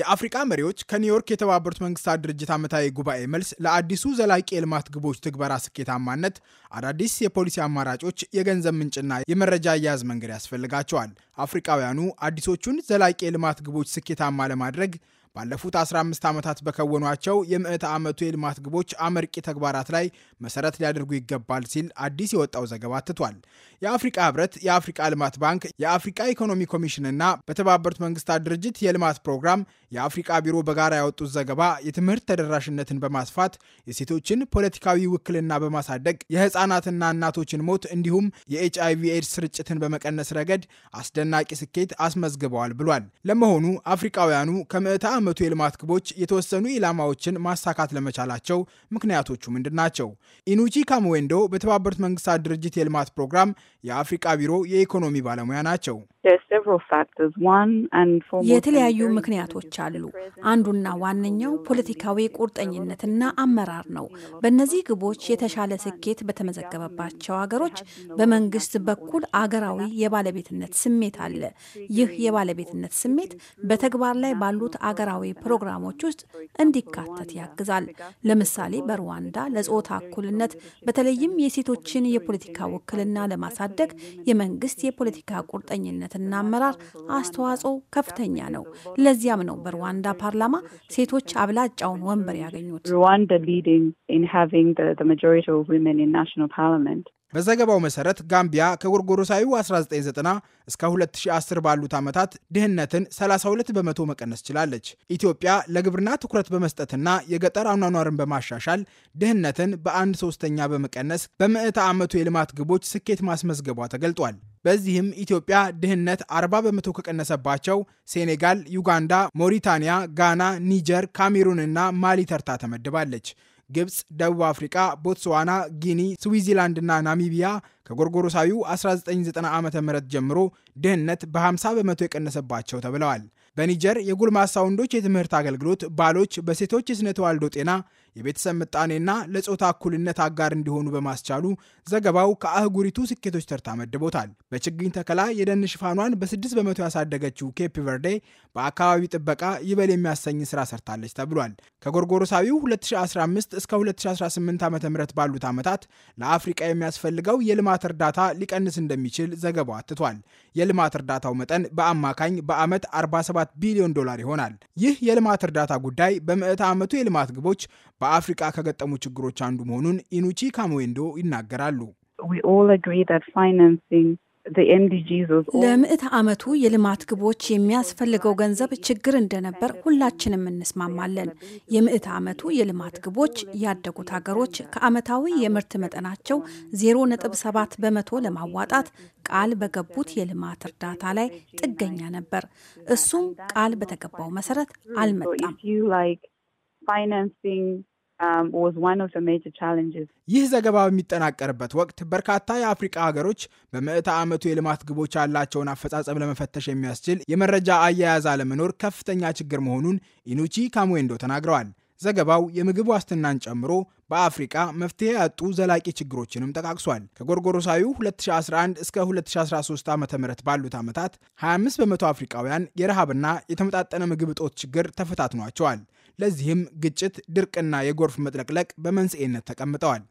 የአፍሪቃ መሪዎች ከኒውዮርክ የተባበሩት መንግስታት ድርጅት ዓመታዊ ጉባኤ መልስ ለአዲሱ ዘላቂ የልማት ግቦች ትግበራ ስኬታማነት አዳዲስ የፖሊሲ አማራጮች፣ የገንዘብ ምንጭና የመረጃ አያያዝ መንገድ ያስፈልጋቸዋል። አፍሪቃውያኑ አዲሶቹን ዘላቂ የልማት ግቦች ስኬታማ ለማድረግ ባለፉት 15 ዓመታት በከወኗቸው የምዕተ ዓመቱ የልማት ግቦች አመርቂ ተግባራት ላይ መሰረት ሊያደርጉ ይገባል ሲል አዲስ የወጣው ዘገባ አትቷል። የአፍሪቃ ህብረት፣ የአፍሪቃ ልማት ባንክ፣ የአፍሪቃ ኢኮኖሚ ኮሚሽንና በተባበሩት መንግስታት ድርጅት የልማት ፕሮግራም የአፍሪቃ ቢሮ በጋራ ያወጡት ዘገባ የትምህርት ተደራሽነትን በማስፋት የሴቶችን ፖለቲካዊ ውክልና በማሳደግ የህፃናትና እናቶችን ሞት እንዲሁም የኤች አይቪ ኤድስ ስርጭትን በመቀነስ ረገድ አስደናቂ ስኬት አስመዝግበዋል ብሏል። ለመሆኑ አፍሪቃውያኑ ከምዕተ መቶ የልማት ግቦች የተወሰኑ ኢላማዎችን ማሳካት ለመቻላቸው ምክንያቶቹ ምንድን ናቸው? ኢኑቺ ካምዌንዶ በተባበሩት መንግስታት ድርጅት የልማት ፕሮግራም የአፍሪቃ ቢሮ የኢኮኖሚ ባለሙያ ናቸው። የተለያዩ ምክንያቶች አሉ። አንዱና ዋነኛው ፖለቲካዊ ቁርጠኝነትና አመራር ነው። በእነዚህ ግቦች የተሻለ ስኬት በተመዘገበባቸው ሀገሮች በመንግስት በኩል አገራዊ የባለቤትነት ስሜት አለ። ይህ የባለቤትነት ስሜት በተግባር ላይ ባሉት አገራዊ ፕሮግራሞች ውስጥ እንዲካተት ያግዛል። ለምሳሌ በሩዋንዳ ለጾታ እኩልነት በተለይም የሴቶችን የፖለቲካ ውክልና ለማሳደግ የመንግስት የፖለቲካ ቁርጠኝነት አባላትና አመራር አስተዋጽኦ ከፍተኛ ነው። ለዚያም ነው በሩዋንዳ ፓርላማ ሴቶች አብላጫውን ወንበር ያገኙት። በዘገባው መሰረት ጋምቢያ ከጎርጎሮሳዊ 1990 እስከ 2010 ባሉት ዓመታት ድህነትን 32 በመቶ መቀነስ ችላለች። ኢትዮጵያ ለግብርና ትኩረት በመስጠትና የገጠር አኗኗርን በማሻሻል ድህነትን በአንድ ሶስተኛ በመቀነስ በምዕተ ዓመቱ የልማት ግቦች ስኬት ማስመዝገቧ ተገልጧል። በዚህም ኢትዮጵያ ድህነት 40 በመቶ ከቀነሰባቸው ሴኔጋል፣ ዩጋንዳ፣ ሞሪታንያ፣ ጋና፣ ኒጀር፣ ካሜሩንና ማሊ ተርታ ተመድባለች። ግብፅ፣ ደቡብ አፍሪካ፣ ቦትስዋና፣ ጊኒ፣ እና ናሚቢያ ከጎርጎሮሳዊው 1990 ዓ ም ጀምሮ ድህነት በ50 በመቶ የቀነሰባቸው ተብለዋል። በኒጀር የጉልማሳ ወንዶች የትምህርት አገልግሎት ባሎች በሴቶች የስነ ተዋልዶ ጤና፣ የቤተሰብ ምጣኔና ለጾታ እኩልነት አጋር እንዲሆኑ በማስቻሉ ዘገባው ከአህጉሪቱ ስኬቶች ተርታ መድቦታል። በችግኝ ተከላ የደን ሽፋኗን በስድስት በመቶ ያሳደገችው ኬፕ ቨርዴ በአካባቢ ጥበቃ ይበል የሚያሰኝ ስራ ሰርታለች ተብሏል። ከጎርጎሮሳዊው 2015 እስከ 2018 ዓ ም ባሉት ዓመታት ለአፍሪቃ የሚያስፈልገው የልማት እርዳታ ሊቀንስ እንደሚችል ዘገባው አትቷል። የልማት እርዳታው መጠን በአማካኝ በዓመት 47 7 ቢሊዮን ዶላር ይሆናል። ይህ የልማት እርዳታ ጉዳይ በምዕተ ዓመቱ የልማት ግቦች በአፍሪቃ ከገጠሙ ችግሮች አንዱ መሆኑን ኢኑቺ ካሞዌንዶ ይናገራሉ። ለምዕት ዓመቱ የልማት ግቦች የሚያስፈልገው ገንዘብ ችግር እንደነበር ሁላችንም እንስማማለን። የምዕት ዓመቱ የልማት ግቦች ያደጉት ሀገሮች ከዓመታዊ የምርት መጠናቸው 0.7 በመቶ ለማዋጣት ቃል በገቡት የልማት እርዳታ ላይ ጥገኛ ነበር። እሱም ቃል በተገባው መሰረት አልመጣም። Um, ይህ ዘገባ በሚጠናቀርበት ወቅት በርካታ የአፍሪቃ ሀገሮች በምዕተ ዓመቱ የልማት ግቦች ያላቸውን አፈጻጸም ለመፈተሽ የሚያስችል የመረጃ አያያዝ አለመኖር ከፍተኛ ችግር መሆኑን ኢኑቺ ካሙዌንዶ ተናግረዋል። ዘገባው የምግብ ዋስትናን ጨምሮ በአፍሪቃ መፍትሄ ያጡ ዘላቂ ችግሮችንም ጠቃቅሷል። ከጎርጎሮሳዊ 2011 እስከ 2013 ዓ ም ባሉት ዓመታት 25 በመቶ አፍሪቃውያን የረሃብና የተመጣጠነ ምግብ እጦት ችግር ተፈታትኗቸዋል። ለዚህም ግጭት፣ ድርቅና የጎርፍ መጥለቅለቅ በመንስኤነት ተቀምጠዋል።